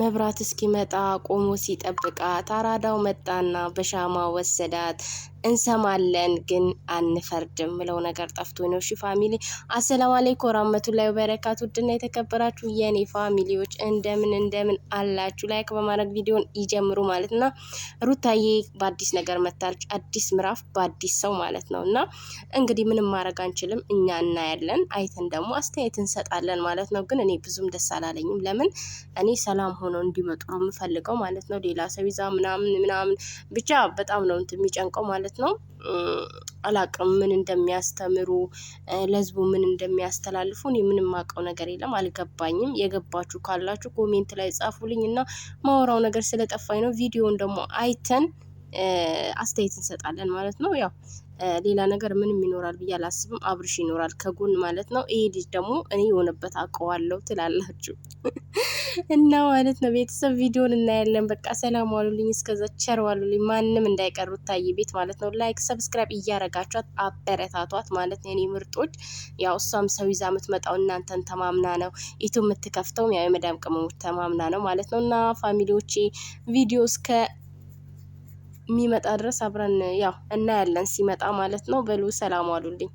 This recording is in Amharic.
መብራት እስኪመጣ ቆሞ ሲጠብቃት አራዳው መጣና በሻማ ወሰዳት። እንሰማለን ግን አንፈርድም ምለው ነገር ጠፍቶ ነው። እሺ ፋሚሊ፣ አሰላሙ አለይኩም ወራህመቱላሂ ወበረካቱ። ውድና የተከበራችሁ የኔ ፋሚሊዎች እንደምን እንደምን አላችሁ? ላይክ በማድረግ ቪዲዮን ይጀምሩ ማለት እና ሩታዬ በአዲስ ነገር መታለች። አዲስ ምዕራፍ በአዲስ ሰው ማለት ነው እና እንግዲህ ምንም ማድረግ አንችልም። እኛ እናያለን፣ አይተን ደግሞ አስተያየት እንሰጣለን ማለት ነው። ግን እኔ ብዙም ደስ አላለኝም። ለምን እኔ ሰላም ሆነው እንዲመጡ ነው የምፈልገው ማለት ነው። ሌላ ሰው ይዛ ምናምን ምናምን ብቻ በጣም ነው የሚጨንቀው ማለት ማለት ነው። አላቅም ምን እንደሚያስተምሩ ለህዝቡ ምን እንደሚያስተላልፉ እኔ ምንም አውቀው ነገር የለም፣ አልገባኝም። የገባችሁ ካላችሁ ኮሜንት ላይ ጻፉልኝ እና ማወራው ነገር ስለጠፋኝ ነው። ቪዲዮን ደግሞ አይተን አስተያየት እንሰጣለን ማለት ነው። ያው ሌላ ነገር ምንም ይኖራል ብዬ አላስብም። አብርሽ ይኖራል ከጎን ማለት ነው። ይሄ ልጅ ደግሞ እኔ የሆነበት አውቀዋለሁ ትላላችሁ። እና ማለት ነው ቤተሰብ ቪዲዮን እናያለን። በቃ ሰላም ዋሉልኝ፣ እስከዛ ቸር ዋሉልኝ። ማንም እንዳይቀሩ ታይ ቤት ማለት ነው። ላይክ ሰብስክራይብ እያረጋችኋት አበረታቷት ማለት ነው እኔ ምርጦች። ያው እሷም ሰው ይዛ የምትመጣው እናንተን ተማምና ነው። ኢቱ የምትከፍተውም ያው የመዳም ቅመሞች ተማምና ነው ማለት ነው። እና ፋሚሊዎቼ ቪዲዮ እስከ የሚመጣ ድረስ አብረን ያው እናያለን ሲመጣ ማለት ነው። በሉ ሰላም ዋሉልኝ።